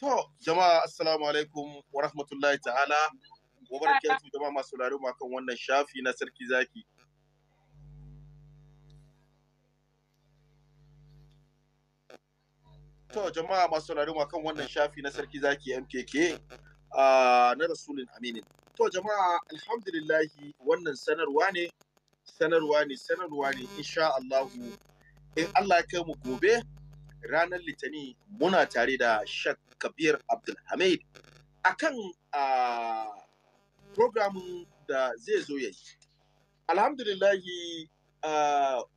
To, jama'a assalamu alaikum wa rahmatullahi ta'ala. Wa barakatuh jama'a masu sauraro kan wannan shafi na sarki zaki. To, jama'a masu sauraro kan wannan shafi na sarki zaki MKK na Rasulun Aminin. To, jama'a alhamdulillahi wannan sanarwa ne, sanarwa ne, sanarwa ne, insha Allahu. In Allah ya kai mu gobe, ranar litani muna tare da shak kabir abdulhamid a kan programin da zai zo ya yi alhamdulillahi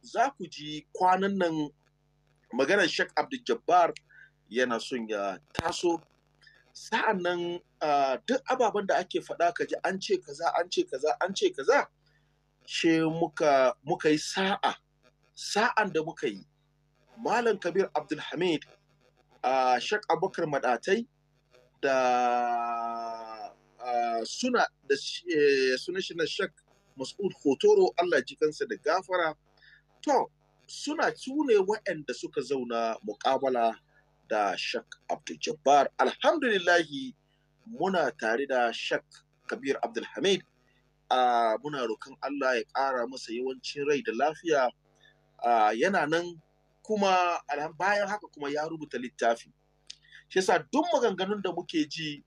za ku ji kwanan nan maganar Sheikh Abdul Jabbar yana son ya taso sa'an nan duk ababen da ake faɗa ka ji an ce kaza an ce kaza an ce kaza she muka muka yi sa'a sa'an da muka yi Malam Kabir Abdulhamid Sheikh shek abokar madatai da suna da shi eh, na shak mas'ud hotoro allah ji kansa da gafara to suna tune waɗanda suka zauna muƙabala da shek abdul jabbar alhamdulillahi muna tare da shak kabir abdulhamid a muna rokan allah ya ƙara masa yawancin rai da lafiya yana nan kuma bayan haka kuma ya rubuta littafi shi yasa duk maganganun da muke ji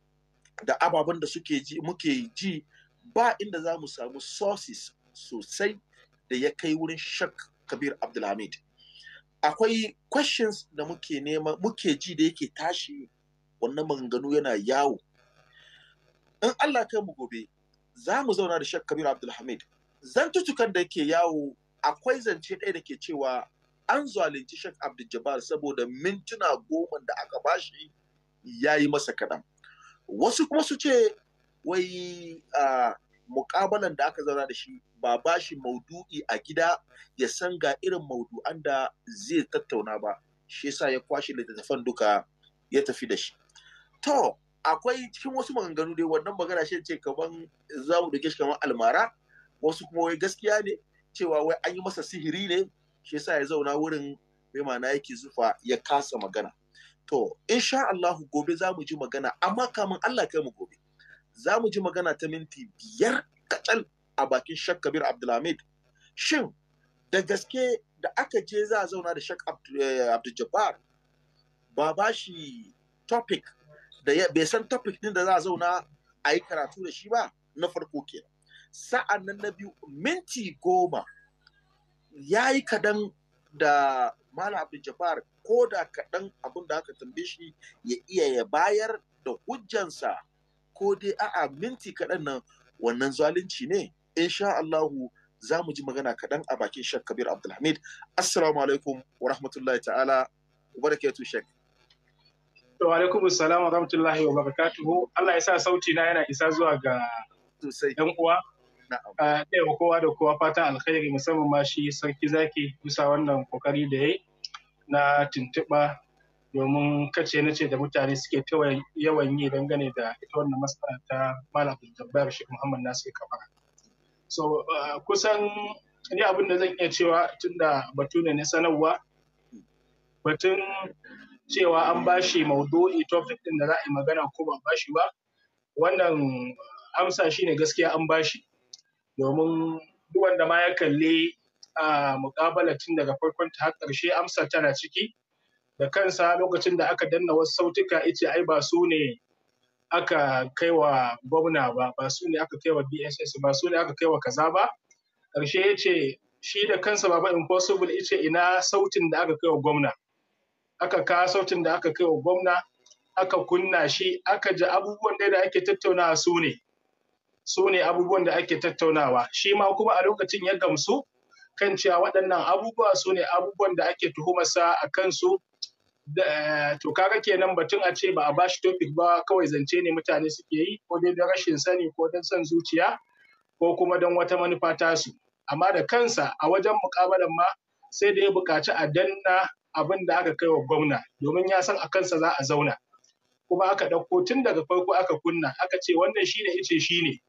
da ababen da suke ji muke ji ba inda za mu samu sources sosai da ya kai wurin shak kabir abdulhamid akwai questions da muke nema muke ji da yake tashi wannan maganganu yana yawo in allah kai mu gobe za mu zauna da shak kabir abdulhamid zan tutukan da yake yawo akwai zance ɗaya da ke cewa an zalunci Sheikh Abdul saboda mintuna goma da aka bashi ya yi masa kaɗan. Wasu kuma su ce wai muƙabalan da aka zauna da shi ba bashi maudu'i a gida ya san ga irin maudu'an da zai tattauna ba shi yasa ya kwashe littattafan duka ya tafi da shi. To, akwai cikin wasu maganganu dai wannan magana shi ce kaman za mu shi kamar almara wasu kuma wai gaskiya ne cewa wai an yi masa sihiri ne shi sa ya zauna wurin bai ma'ana yake zufa ya kasa magana to insha Allah gobe za mu ji magana amma kamun Allah kai mu gobe za mu ji magana ta minti biyar kacal a bakin Shak Kabir Abdulhamid shin da gaske da aka je za a zauna da Shak eh, Abdul ba ba shi topic da bai san topic din da za a zauna a yi karatu da shi ba na farko ke sa'an nan na biyu minti goma ya yi kaɗan da Malam Abdul Jabbar ko da kaɗan abin da aka tambaye shi ya iya ya bayar da hujjansa ko dai a'a minti kaɗan nan wannan zalunci ne insha Allahu za mu ji magana kaɗan a bakin Sheikh Kabir Abdulhamid assalamu alaikum wa rahmatullahi ta'ala wa barakatuh Sheikh wa alaikum assalam wa rahmatullahi wa barakatuhu Allah ya sa sauti na yana isa zuwa ga yan uwa ɗaya kowa da kowa fatan alkhairi musamman ma shi sarki zaki bisa wannan kokari da ya na tuntuɓa domin kace na ce da mutane suke yawan yi dangane da ita wannan matsala ta malam jabbar shi muhammad nasir kamara so kusan ni abin da zan iya cewa tun da batu ne na sanarwa batun cewa an bashi maudu'i topic din da za a yi magana ko ba bashi ba wannan amsa shine gaskiya an bashi domin duk wanda ma ya kalli a muƙabala tun daga farkon ta har ƙarshe amsa tana ciki da kansa lokacin da aka danna wasu sautuka ita ai ba su ne aka kai gwamna ba ba su ne aka kai wa bss ba su ne aka kai kaza ba ƙarshe ya ce shi da kansa ba impossible ice ina sautin da aka kai gwamna aka ka sautin da aka kaiwa gwamna aka kunna shi aka ji abubuwan da ake tattaunawa su ne su ne abubuwan da ake tattaunawa shi ma kuma a lokacin ya gamsu kan cewa waɗannan abubuwa su ne abubuwan da ake tuhumarsa a kansu eh, to kaga kenan batun a ce ba a bashi topic ba kawai zance ne mutane suke yi ko dai don rashin sani ko don son zuciya ko kuma don wata manufa tasu amma da kansa a wajen muƙabalan ma sai da ya buƙaci a danna abin da aka kai wa gwamna domin ya san a kansa za a zauna kuma aka ɗauko tun daga farko aka kunna aka ce wannan shine ice shine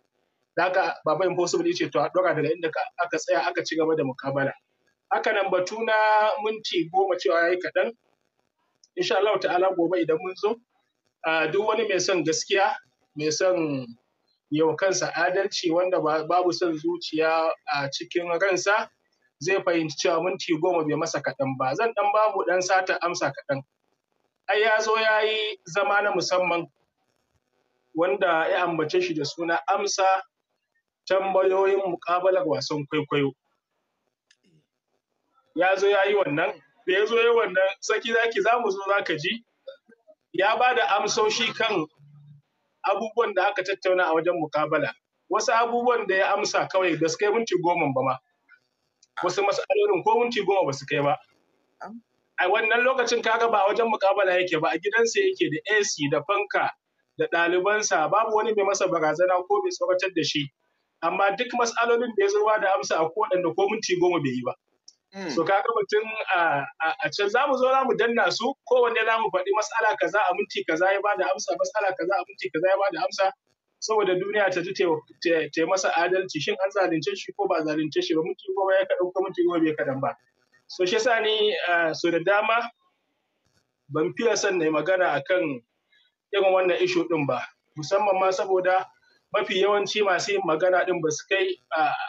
da haka baba impossible ce to a dora daga inda aka tsaya aka ci gaba da mukabala haka nan batu na minti goma cewa yayi kaɗan insha Allah ta'ala gobe idan mun zo duk wani mai son gaskiya mai son yau kansa adalci wanda babu son zuciya a cikin ransa zai fahimci cewa minti goma bai masa kaɗan ba zan ɗan babu ɗan sata amsa kaɗan ai ya zo ya yi zama na musamman wanda ya ambace shi da suna amsa tambayoyin muƙabalar wasan kwaikwayo ya zo ya yi wannan da ya zo ya yi wannan saki ki, za mu zo za ka ji ya ba da amsoshi kan abubuwan da aka tattauna a wajen mukabala wasu abubuwan da ya amsa kawai da su kai minti goma ba ma wasu matsalolin ko minti goma ba su kai ba a wannan lokacin kaga ba a wajen mukabala yake ba a gidansa yake da ac da fanka da ɗalibansa babu wani mai masa barazana ko mai tsoratar da shi amma duk matsalolin da ya zama da amsa a wadanda ko minti goma bai yi ba. Hmm. So ka ga mutum a can za mu zo za mu danna su kowanne za mu faɗi matsala kaza a minti kaza ya bada amsa matsala kaza a minti kaza ya bada amsa saboda duniya ta ji ta masa adalci shin an zalunce shi ko ba zalunce shi ba minti goma ya kaɗan ko minti goma bai kaɗan ba. So shi sa ni so da dama ban fiye son na yi magana akan irin wannan ishu ɗin ba musamman ma saboda mafi yawanci masu yin magana din ba su kai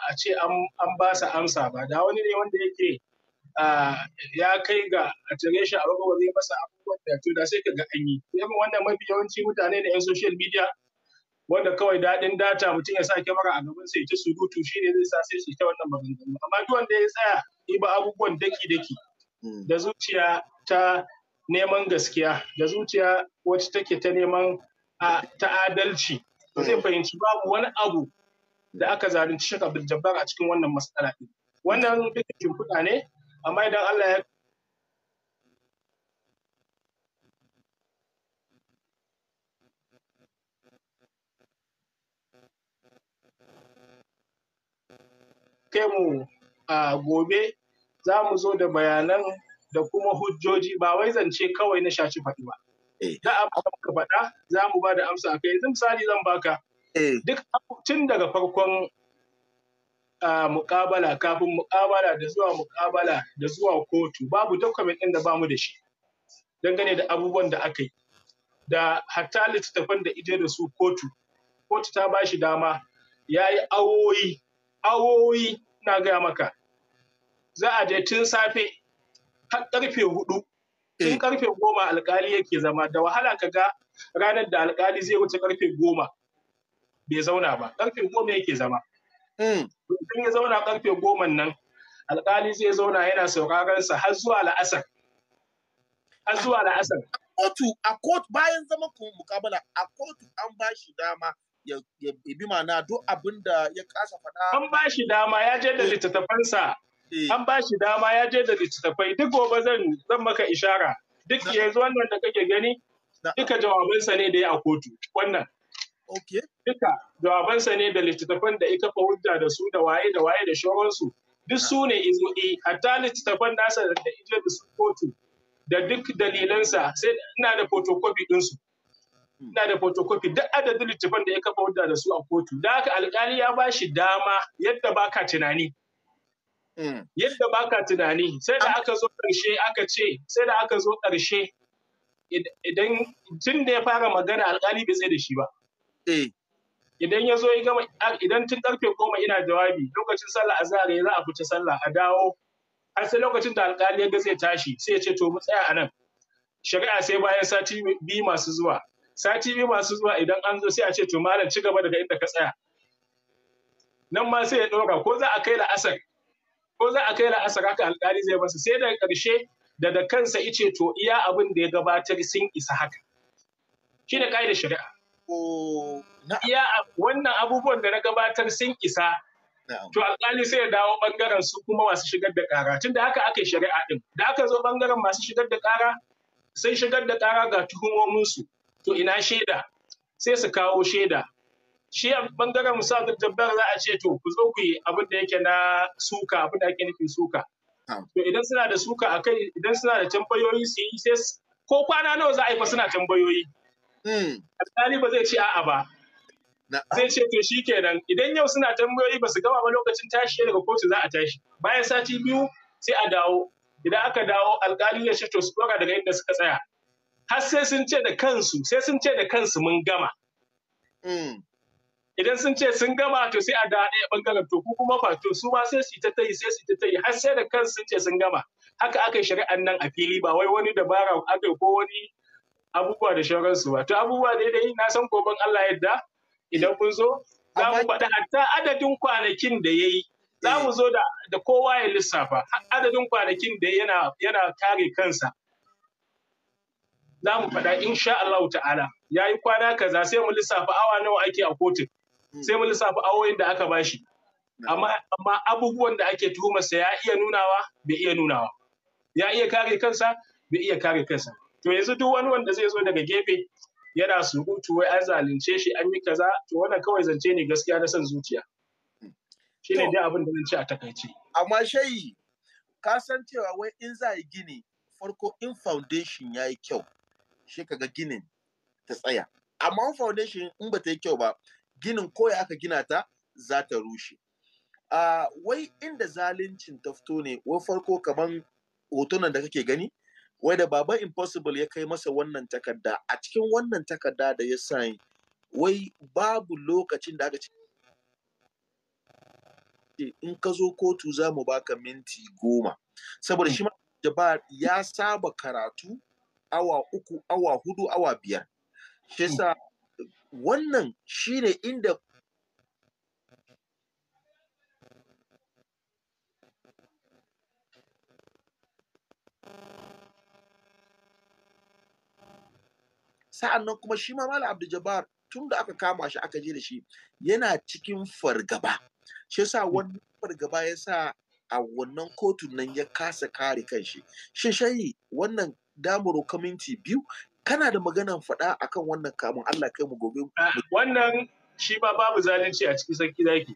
a ce an ba su amsa ba da wani ne wanda yake ya kai ga a tare shi a ba zai masa abubuwan da to sai ka ga an yi yamma wannan mafi yawanci mutane da yan social media wanda kawai daɗin data mutum ya sa kyamara a gaban sai ta surutu shi ne zai sa sai su ta wannan maganganu amma duk wanda ya tsaya yi ba abubuwan daki-daki hmm. da zuciya ta neman gaskiya da zuciya wacce take ta neman ta adalci to zai fahimci babu wani abu da aka zalunci Sheikh Abdul a cikin wannan matsala din wannan duka shimfiɗa ne amma idan Allah ya kai mu a gobe za mu zo da bayanan da kuma hujjoji ba wai zance kawai na shaci faɗi ba. Za eh. a da faɗa za mu ba da amsa a kai. misali zan baka. Eh. Duk tun daga farkon mukabala kafin mukabala da zuwa mukabala da zuwa kotu babu dokument ɗin da bamu da shi. Dangane da abubuwan da aka yi. Da hatta littattafan da ita da su kotu. Kotu ta ba shi dama ya yi awoyi, awoyi na gaya maka. Za a je tun safe har ƙarfe hudu tun eh. karfe goma alkali yake zama da wahala ka ga ranar da alkali zai wuce karfe goma bai zauna ba karfe goma yake zama tun hmm. ya zauna karfe goma nan alkali zai zauna yana sauraron sa har zuwa la'asar har zuwa la'asar kotu a kotu bayan zama zaman mukabala a kotu an ba shi dama ya bi mana duk abin da ya kasa faɗa an ba shi dama ya je da littattafansa Eh. an ba shi dama ya je da littattafai duk gobe zan zan maka ishara duk yanzu wannan da kake gani duka jawabansa ne da ya a kotu wannan duka jawabansa ne da littattafan da ita fa hujja da su da waye da waye da shoransu duk su ne izo'i hatta littattafan nasa da ita da su kotu da duk dalilansa sai ina da photocopy ɗinsu. Hmm. Ina da photocopy duk adadin littattafan da ya kafa hujja da su a kotu. Da haka alƙali ya ba shi dama yadda baka tunani. Mm. Yadda ba ka tunani, sai da aka zo ƙarshe aka ce, sai da aka zo ƙarshe idan tun da ya fara magana alƙali bai tsaye da shi ba. Eh. Idan ya zo gama, idan tun ƙarfe goma ina jawabi lokacin sallah a zare za a fita sallah a dawo. Har sai lokacin da alƙali ya ga zai tashi sai ya ce to mu tsaya a nan. Shari'a sai bayan sati biyu masu zuwa. Sati biyu masu zuwa idan an zo sai a ce to malam ci gaba daga inda ka tsaya. Nan ma sai ya ɗora ko za a kai la'asar ko za a kai la'asar haka alkali zai masa sai daga ƙarshe da da kansa ice to iya abin da ya gabatar sun isa haka shi ne ƙa'idar shari'a iya wannan abubuwan da na gabatar sun isa to alkali sai ya dawo bangaren su kuma masu shigar da ƙara tun da haka aka yi shari'a din da aka zo bangaren masu shigar da ƙara sun shigar da ƙara ga tuhumominsu to ina shaida sai su kawo shaida shi a bangaren musa jabbar za a ce to ku zo ku yi abin da yake na suka abin da ake nufin suka to idan suna da suka a kai idan suna da tambayoyi su yi sai ko kwana nawa za a yi fa suna tambayoyi hmm. alƙali ba zai ce a'a ba zai ce to shi kenan idan yau suna tambayoyi ba su gama ba lokacin tashi daga kotu za a tashi bayan sati biyu sai a dawo idan aka dawo alƙali ya ce to su dora daga inda suka tsaya har sai sun ce da kansu sai sun ce da kansu mun gama hmm. idan sun ce sun gama to sai a da ɗaya bangaren to ku kuma fa to su ma sai su ta tayi sai su ta tayi har sai da kan sun ce sun gama haka aka yi shari'an nan a fili ba wai wani dabara aka ko wani abubuwa da shauransu ba to abubuwa da dai na san goben Allah yadda idan kun zo za mu faɗi hatta adadin kwanakin da ya yi eh. za mu zo da kowa ya lissafa adadin kwanakin da yana yana kare kansa za mu faɗa insha Allah ta'ala ya yi kwana kaza sai mu lissafa awa nawa ake a kotun sai mun lissafa awoyin da aka bashi amma amma abubuwan da ake tuhumarsa ya iya nunawa bai iya nunawa ya iya kare kansa bai iya kare kansa to yanzu duk wani wanda zai zo daga gefe yana surutu wai an zalunce shi an yi kaza to wannan kawai zance ne gaskiya na son zuciya shine dai abin da zan ce a takaice amma shayi ka san cewa wai in za yi gini farko in foundation ya yi kyau shi kaga ginin ta tsaya amma foundation in ba ta yi kyau ba ginin ko ya aka gina ta za ta rushe uh, wai inda zaluncin ta fito ne wai farko kaman hotunan da kake gani wai da baban impossible ya kai masa wannan takarda a cikin wannan takarda da ya sayi wai babu lokacin da aka ce in ka zo kotu za mu baka minti goma saboda shi jabar ya saba karatu awa uku awa hudu awa biyar shi wannan shi ne inda sa'an nan kuma shi ma Malam Abdul tunda tun da aka kama shi aka je da shi yana cikin fargaba shi sa hmm. wannan fargaba ya sa a wannan kotun nan ya kasa kare kanshi shi shayi wannan damaro kaminti biyu kana da maganan faɗa akan wannan kamun Allah kai mu gobe. Ah, wannan shi ba babu zalunci a cikin sarki zaki.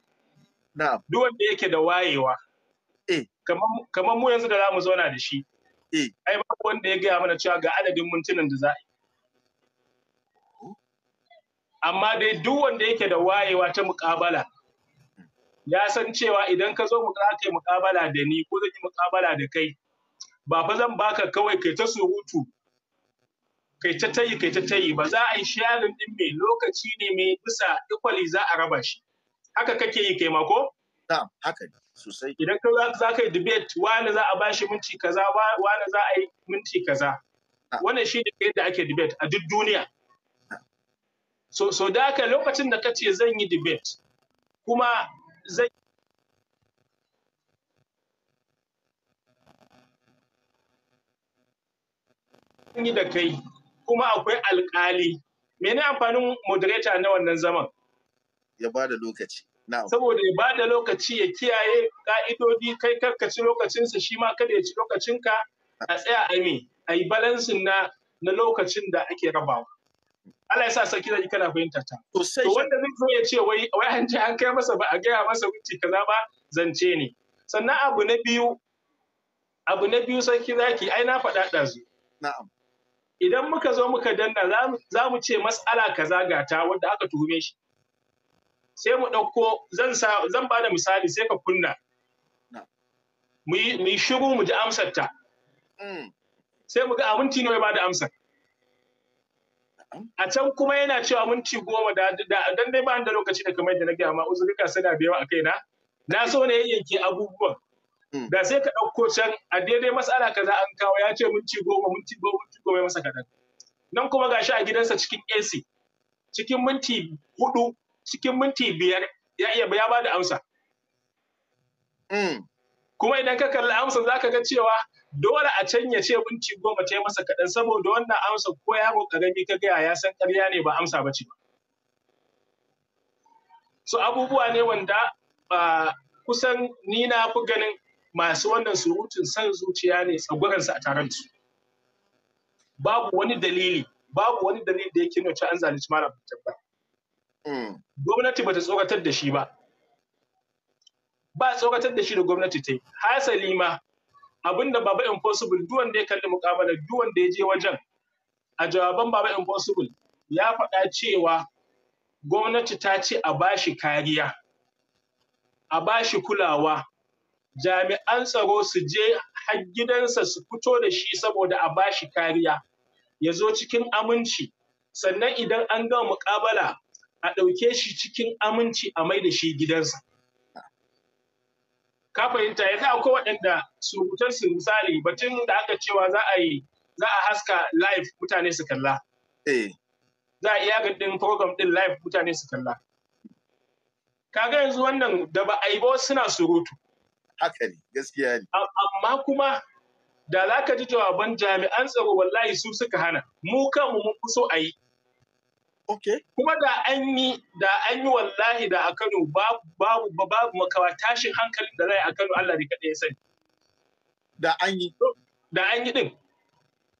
Na'am. Duk wanda yake da wayewa. Eh. Kamar mu yanzu da za mu zauna da shi. Eh. Ai babu wanda ya gaya mana cewa ga adadin mintunan da za a yi. Amma dai duk wanda yake da wayewa ta muƙabala ya san cewa idan ka zo mu yi muƙabala da ni ko zan yi muƙabala da kai ba fa zan baka kawai kai ta surutu kai ta tayi kai ta tayi ba za a yi sharing din mai lokaci ne mai bisa equally za a raba shi haka kake yi kai mako? na'am haka sosai idan ka za ka yi debate wani za a bashi minti kaza wani za a yi minti kaza wannan shi ne yadda ake debate a duk duniya so so da haka lokacin da kace zan yi debate kuma zan yi da kai kuma akwai alkali mene amfanin moderator na wannan zaman ya ba lokaci saboda ya ba da lokaci ya kiyaye ka'idodi kai karkaci lokacinsa shi ma kada ya ci lokacinka a tsaya a mi a yi balansin na na lokacin da ake rabawa Allah ya sa sarki da kana fahimta ta to wanda zai zo ya ce wai wai an ji an kai masa ba a gaya masa wuce kaza ba zance ne sannan abu na biyu abu na biyu sarki zaki ai na faɗa ɗazu na'am idan muka zo muka danna za mu ce mas'ala kaza zagata wadda aka tuhume shi sai mu ɗauko zan ba da misali sai ka kunna mu yi shiru mu ji amsar mm. sai mu ga aminti ne wai ba da amsar a can kuma yana cewa minti goma da dan dai ba da lokaci da kamar da na gaya ma uzurika suna da a kaina na so ne yanke abubuwan Mm. da sai ka ɗauko can a daidai matsala kaza an kawo ya ce minti goma minti goma minti goma masa kaɗan nan kuma ga shi a gidansa cikin AC cikin minti hudu cikin minti biyar ya iya ya ba da amsa mm. kuma idan ka kalli amsa za ka ga cewa dole a can ya ce minti goma ta masa kaɗan saboda wannan amsa ko yaro ƙarami ka gaya ya san ƙarya ne ba amsa ba ce ba so abubuwa ne wanda kusan ni na fi ganin masu wannan surutun san zuciya ne tsaguransu a taron su babu wani dalili babu wani dalili da yake nuna an zalunci fitar ba hmm. gwamnati bata tsoratar da shi ba ba tsoratar da shi da gwamnati ta yi hasali ma abinda baba impossible duk wanda ya kalli mukamala duk wanda ya je wajen a jawaban baba impossible ya faɗa cewa gwamnati ta ce a bashi kariya a bashi kulawa jami'an tsaro su je har gidansa su fito da shi saboda a ba shi kariya ya zo cikin aminci sannan idan an ga muƙabala, a ɗauke shi cikin aminci a mai da shi gidansa ka fahimta yanzu akwai waɗanda su misali batun da aka cewa za a yi za a haska live mutane su kalla eh. za a iya gaɗin program ɗin live mutane su kalla kaga yanzu wannan da ba a yi ba suna surutu haka ne gaskiya ne amma kuma da za ka ji jawaban jami'an tsaro wallahi su suka hana mu kanmu mun fi so a yi Kuma da an yi da an yi wallahi da a Kano babu babu makawa tashin hankalin da zai a Kano Allah ne kaɗai ya sani. Da an yi. Da an yi din.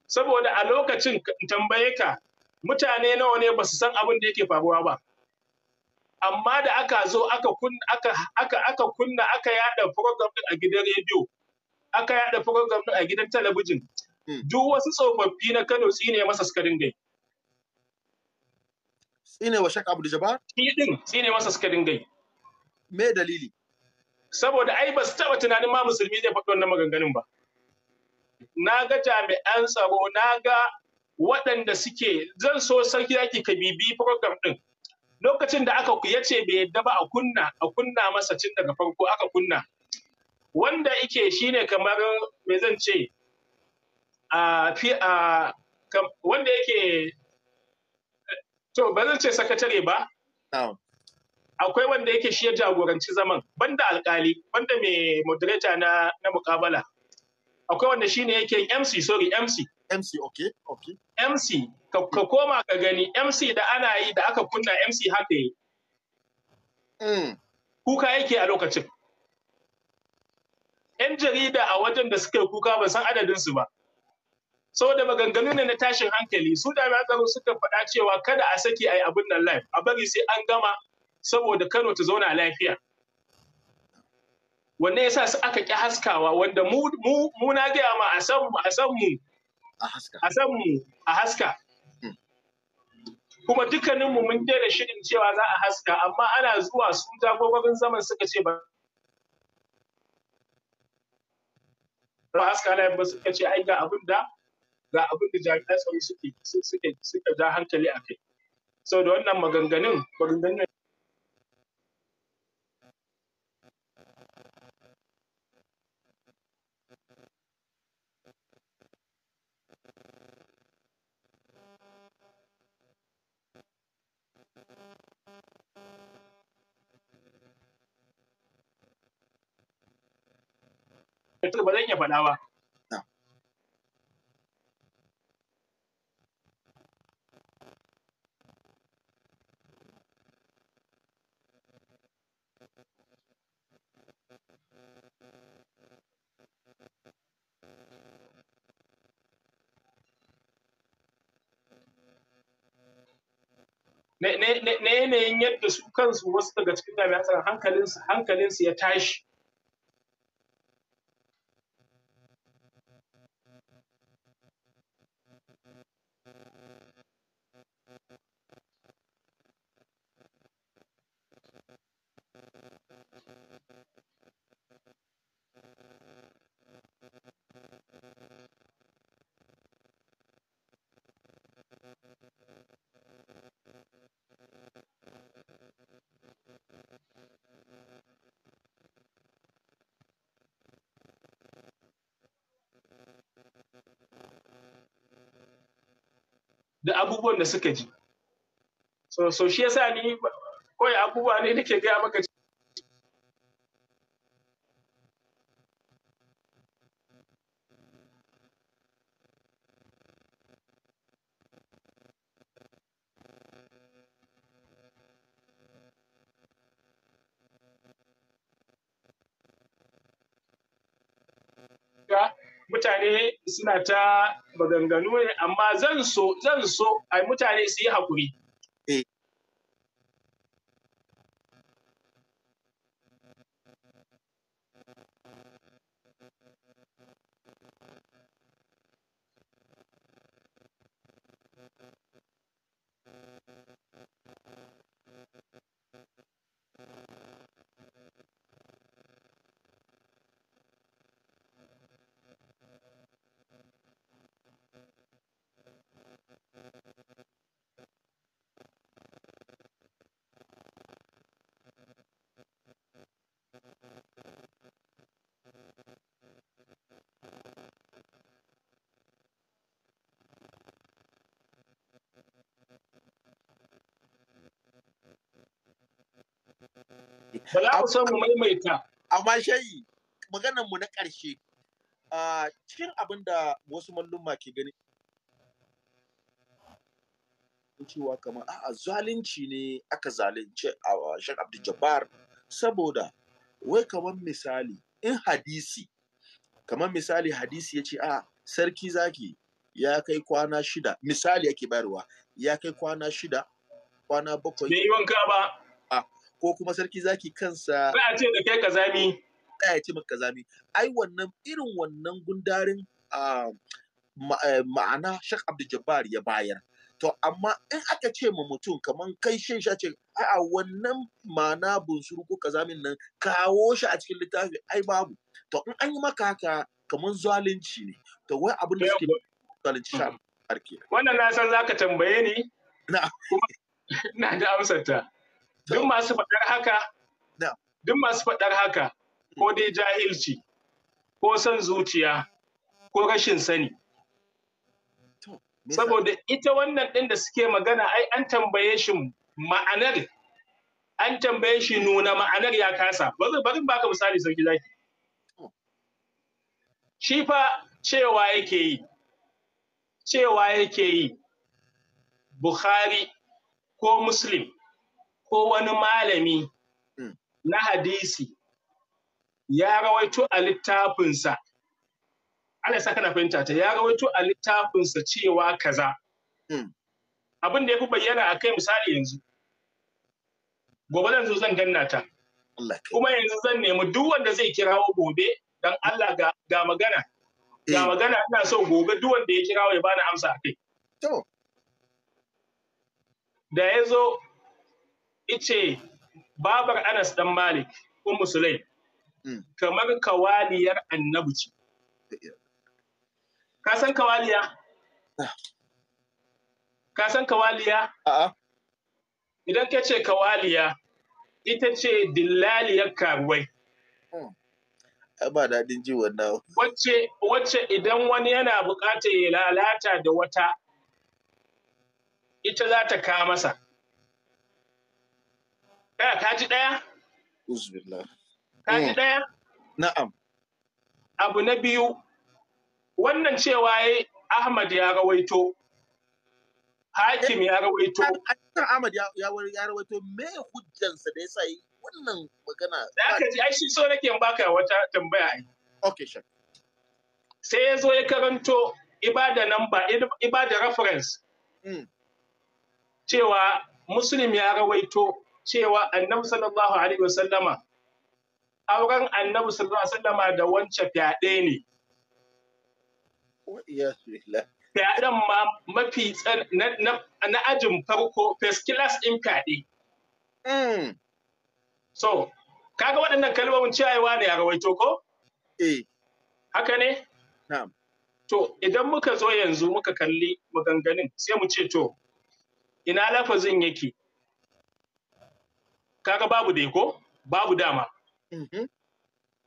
Saboda a lokacin tambaye ka mutane nawa ne ba su san abin da yake faruwa ba. amma da aka zo aka kunna aka aka aka kunna aka yada program din a gidan rediyo aka yada program din a gidan talabijin hmm. duk wasu tsofaffi na Kano tsine masa suka dinga yi tsine wa Sheikh Abdul Jabbar shi din tsine masa suka dinga me dalili saboda ai ba su taba tunanin ma musulmi zai faɗi wannan maganganun ba na ga jami'an tsaro na ga waɗanda suke zan so sarki yaki ka bibi program din lokacin da aka ya ce bai yadda ba a kunna a kunna masa cin daga farko aka kunna wanda yake shine kamar me zan ce a fi a wanda yake to ba zan ce sakatare ba akwai wanda yake shi ya jagoranci zaman banda alkali banda mai moderator na na mukabala akwai wanda shine yake MC sorry MC MC, ok ok MC, ka, ka koma ka gani, MC da ana yi da aka kunna MC haka yi. Mm. Kuka yake a lokacin. ‘Yan jarida a wajen da suka kuka ban san adadinsu ba. Saboda maganganu ne na tashin hankali, su jami'an tsaro suka faɗa cewa kada a saki a yi abin nan live, a bari sai an gama saboda Kano ta zauna lafiya. Wanne ya sa su aka ƙi haskawa, wanda mu na gaya ma a san a san mu a haska hmm. kuma dukkaninmu mun daina shirin cewa za a haska amma ana zuwa su jagogogin zaman suka ce ba ba haska na ba suka ce ai ga abin da ga abin da jami'an tsaro suke suke suka ja hankali a kai sau da wannan maganganun maganganun ba zan iya faɗa na yanayin yadda su kansu wasu daga cikin jami'an tsaron hankalinsu ya tashi da abubuwan da suka ji so so shi yasa ni kawai abubuwa ne nake gaya maka Yeah. mutane suna ta maganganu ne amma zan so zan so ai mutane su yi hakuri Ba mu maimaita. Amma shayi maganar mu na ƙarshe. Cikin abin da wasu mallumma ke gani cewa kamar a zalunci ne aka zalunci a Sheikh Abdul Jabbar saboda wai kamar misali in hadisi kamar misali hadisi ya ce a sarki zaki ya kai kwana shida misali yake bayarwa ya kai kwana shida kwana bakwai ba ko kuma sarki zaki kansa ba a ce da kai kazami ya ce maka kazami ai wannan irin wannan gundarin ah, eh, ma'ana Sheikh Abdul Jabbar ya bayar to amma in aka ce ma mutum kaman kai shin sha ce a wannan ma'ana bunsuru ko kazamin nan kawo shi a cikin littafi ai babu to in an yi maka haka kaman zalunci ne to wai abin da suke zalunci sha barke mm-hmm. wannan na san zaka tambaye ni na na da amsar ta duk masu faɗar haka duk masu faɗar haka ko dai jahilci ko son zuciya ko rashin sani saboda ita wannan ɗin da suke magana ai an tambaye shi ma'anar an tambaye shi nuna ma'anar ya kasa bari bari baka misali sauki zaki shi fa cewa yake yi cewa yake yi Bukhari ko Muslim ko wani malami hmm. na hadisi ya rawaito a littafinsa Allah saka na fahimta ta ya rawaito a littafinsa cewa kaza hmm. abin da ya fi bayyana a kai misali yanzu gobe zan zo zan ganna ta kuma yanzu zan nemi duk wanda zai kirawo gobe dan Allah ga magana ga eh. magana ina so gobe duk wanda ya kirawo ya bani amsa a kai da ya zo ice babar Anas dan Malik Ummu Sulaim hmm. kamar kawaliyar annabuci Ka san kawaliya? Ka san kawaliya? Idan ka ce kawaliya, ita ce dillaliyar karuwai. Hmm. Ba daɗin ji wannan. Wacce, wacce idan wani yana buƙatar ya lalata da wata, ita za ta kawo masa. ka ɗaya? Mm. Abu na biyu, wannan cewa ya Ahmad ya rawaito, Hakim ya rawaito. Eh, da ai shi so nake baka wata tambaya Sai ya zo ya karanto ibada number, reference. Mm. Cewa Muslim ya rawaito cewa annabi sallallahu alaihi wasallama auren annabi sallallahu alaihi wasallama da wancan fyaɗe ne fyaɗen ma mafi na ajin farko first class in fyaɗe hmm. so kaga waɗannan kalmomin cewa ne a rawaito ko eh. haka ne to idan muka zo yanzu muka kalli maganganun sai mu ce to ina lafazin yake kaga babu dai ko babu dama mm-hmm.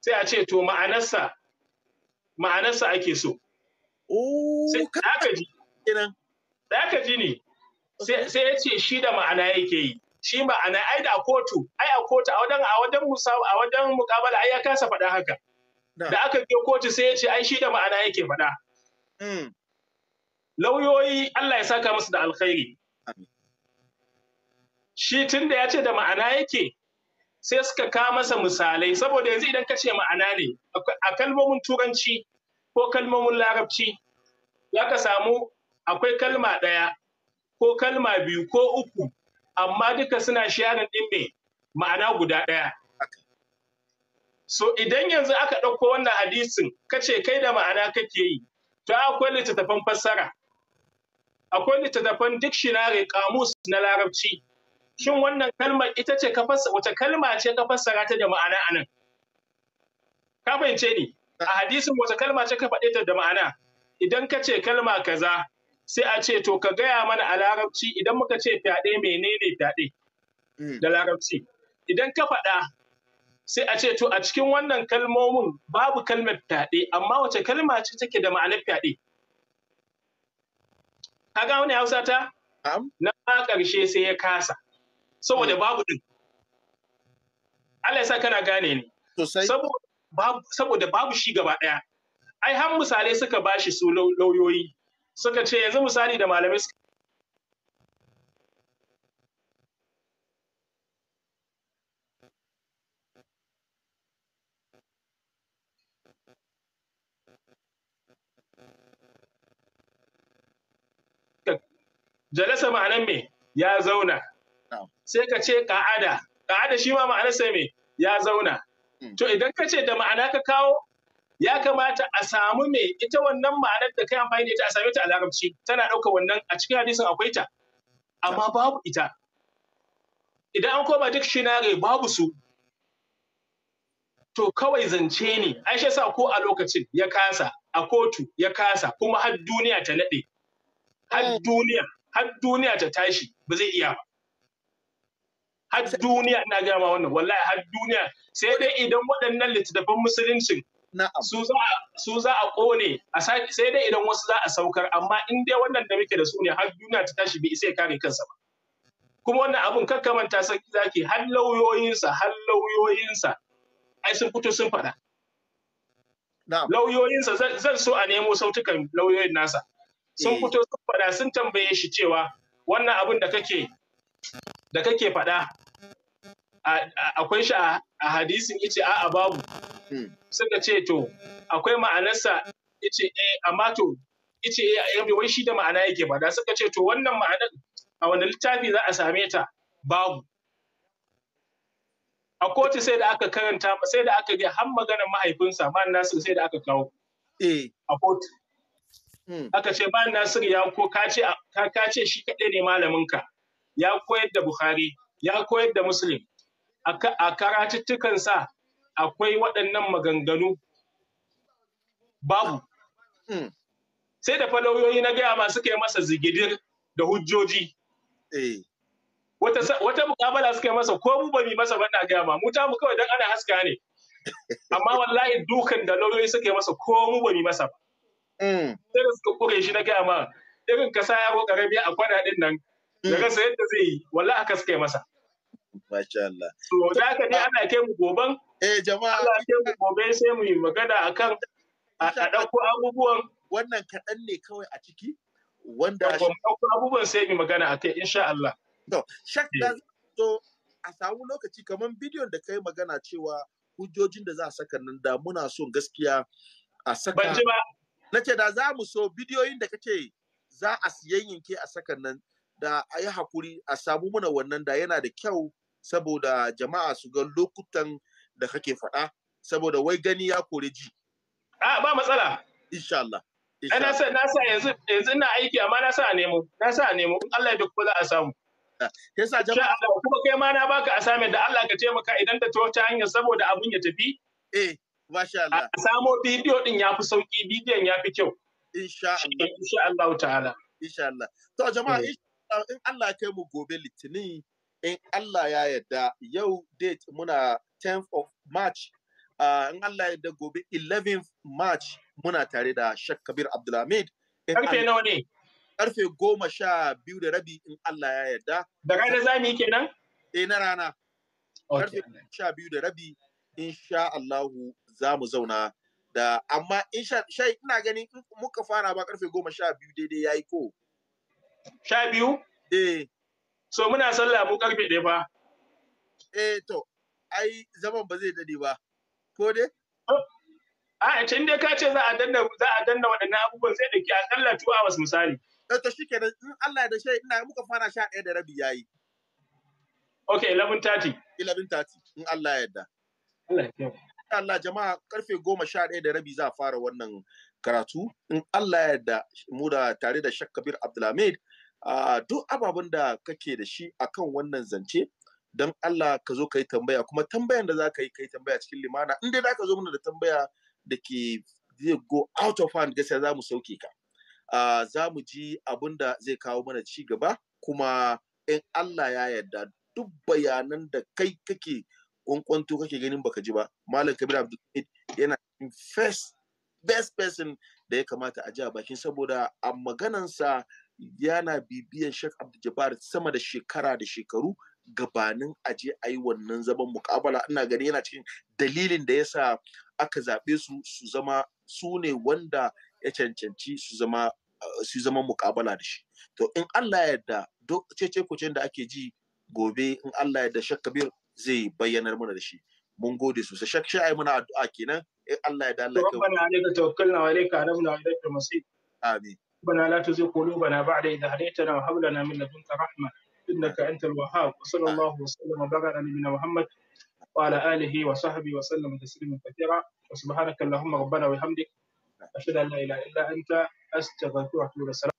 sai a ce to ma'anarsa ma'anarsa ake so sai aka ji da aka ji ne sai ya ce shi da ma'ana yake yi shi ma'ana ai da kotu ai a kotu a wajen a wajen a wajen mukabala ai ya kasa faɗa haka da aka je kotu sai ya ce ai shi da ma'ana yake faɗa mm. lauyoyi Allah ya saka musu da alkhairi shi tun da ya ce da ma'ana yake sai suka kawo masa misalai saboda yanzu idan ka ce ma'ana ne a kalmomin turanci ko kalmomin larabci za ka samu akwai kalma ɗaya ko kalma biyu ko uku amma duka suna sharin ɗin mai ma'ana guda ɗaya so idan yanzu aka ɗauko wannan hadisin ka ce kai da ma'ana kake yi to akwai littattafan fassara akwai littattafan dictionary kamus na larabci shin wannan kalmar ita ce ka fassara wace kalma ce ka fassara ta da ma'ana anan ka fahimce ni a hadisin wace kalma ce ka faɗe ta da ma'ana idan ka ce kalma kaza sai a ce to ka gaya mana a larabci idan muka ce fyaɗe menene fyaɗe hmm. da larabci idan ka faɗa sai a ce to a cikin wannan kalmomin babu kalmar fyaɗe amma wace kalma ce take da ma'anar fyaɗe ka ga wani hausa ta na ƙarshe sai ya kasa saboda eh. babu din Allah ya sa kana gane ni saboda babu shi gaba daya ai har misalai suka bashi su lauyoyi suka ce yanzu misali da malamai suka jalasa ma'anan me ya zauna sai ka ce ka'ada ka'ada shi ma ma'ana sai me ya zauna hmm. to idan ka ce da ma'ana ka kawo ya kamata a samu me ita wannan ma'anar da kai amfani da ita a same ta a larabci tana ɗauka wannan a cikin hadisin akwai ta amma babu ita idan an koma duk shinare babu su to kawai zance ne ai shi sa ko a lokacin ya kasa a kotu ya kasa kuma har duniya ta naɗe har hmm. duniya har duniya ta tashi ba zai iya ba har duniya ina gaya ma wannan wallahi har duniya sai dai idan waɗannan littattafan musuluncin su za a kone sai dai idan wasu za a saukar amma in dai wannan da muke da su ne har duniya ta tashi bai isa kare kansa ba kuma wannan abun kakkamanta sarki zaki har lauyoyinsa har lauyoyinsa ai sun fito sun faɗa lauyoyinsa zan so a nemo sautukan lauyoyin nasa sun eh. fito sun faɗa sun tambaye shi cewa wannan abun da kake da kake faɗa akwai shi a hadisin ice a'a babu hmm. suka ce to akwai ma'anarsa ice eh amma to ice eh a wai shi da ma'ana yake faɗa suka ce to wannan ma'anar a wani littafi za a same ta babu a kotu sai da aka karanta sai da aka ga har maganar mahaifinsa man su sai da aka kawo eh. a kotu hmm. aka ce man su ya ko ka ce shi kaɗai ne malaminka ya koyar da Bukhari, ya koyar da Muslim. A karatuttukansa akwai waɗannan maganganu babu. Hmm. Sai da falauyoyi na gaya masu kai masa zigidir da hujjoji. Eh. Wata mukabala suka masa ko mu ba mi masa ba na gaya ma, mu mu kawai don ana haska ne. Amma wallahi dukan da lauyoyi suka masa ko mu ba mi masa ba. Hmm. Sai da suka kure shi na gaya ma, irin ka sa yaro karami a kwana ɗin nan daga hmm. rasa da zai yi wallahi haka suka yi masa Masha Allah. So, da haka ne ana kai mu goban? Eh, jama'a. Ana kai mu gobe sai mu yi magana akan a dauko abubuwan. Wannan kaɗan ne kawai a ciki? Wanda a dauko abubuwan sai mu magana akai insha Allah. To, shakka eh. to a samu lokaci kamar bidiyon da kai magana cewa hujjojin da za a saka nan da muna son gaskiya a saka. Ban ji ba. Nace da za mu so bidiyoyin da kake za a siyayyanke a saka nan da a yi hakuri a samu muna wannan da yana da kyau saboda jama'a su ga lokutan da kake faɗa saboda wai gani ya kore ji. A ba matsala. Insha Allah. Eh, na sa na sa yanzu yanzu ina aiki amma na sa a nemo na sa a nemo in Allah ya duk za a samu. Ah, sa jama'a kuma kai ma na baka samu da Allah ka taimaka idan da ta hanyar saboda abun ya tafi. Eh masha Allah. A samo bidiyo din ya fi sauki bidiyon ya fi kyau. Insha Allah. Insha Allah ta'ala. Insha Allah. To jama'a eh. in Allah kai mu gobe litinin in Allah ya yarda yau date muna 10th of March uh, in Allah ya yarda gobe 11th March muna tare da Sheikh Kabir Abdulhamid karfe nawa ne karfe goma sha biyu da rabi in Allah ya yarda da rana za mu yi kenan eh na rana karfe sha biyu da rabi insha Allahu za mu zauna da amma in sha ina ganin muka fara ba karfe goma sha biyu daidai yayi ko sha biyu? Eh. So muna sallah mu karfe ɗaya fa. Eh to, ai zaman ba zai dade ba. Ko dai? A a can dai ka ce za a danna za a danna waɗannan abubuwan sai da ke akalla two hours misali. Da eh to shike da in Allah ya da shi ina muka fara sha ɗaya da rabi yayi. Okay, 11:30. 11:30 in Allah ya yarda. Allah ya Allah jama'a karfe goma sha ɗaya da rabi za a fara wannan karatu in Allah ya yarda mu da tare da Shak Kabir Abdulhamid Ah, duk ababen da kake da shi akan wannan zance don Allah ka zo ka yi tambaya kuma tambayan da za ka yi ka yi tambaya cikin limana in dai za ka zo mana da tambaya da ke zai go out of hand gaskiya za mu sauke ka ah, za mu ji abin da zai kawo mana ci gaba kuma in Allah ya yarda duk bayanan da kai kake kwankwanto kake ganin baka ji ba malam kabir abdulhamid yana first best person da ya kamata a ji a bakin saboda a maganansa yana bibiyan Sheikh Abdul Jabbar sama da shekara da shekaru gabanin aje a yi wannan zaman mukabala ina gani yana cikin dalilin da yasa aka zaɓe su su zama su ne wanda ya cancanci su zama eh, su zama mukabala da shi to in Allah ya yarda duk cece kucin da ake ji gobe in Allah ya yarda Sheikh Kabir zai bayyanar mana da shi mun gode sosai Sheikh Sha'i muna addu'a kenan in Allah ya yarda Allah ya kai Rabbana alayka tawakkalna wa alayka wa ilayka Amin. ربنا لا تزغ قلوبنا بعد إذ هديتنا وهب لنا من لدنك رحمة إنك أنت الوهاب وصلى الله وسلم وبارك على نبينا محمد وعلى آله وصحبه وسلم تسليما كثيرا وسبحانك اللهم ربنا وبحمدك أشهد أن لا إله إلا أنت أستغفرك وأتوب إليك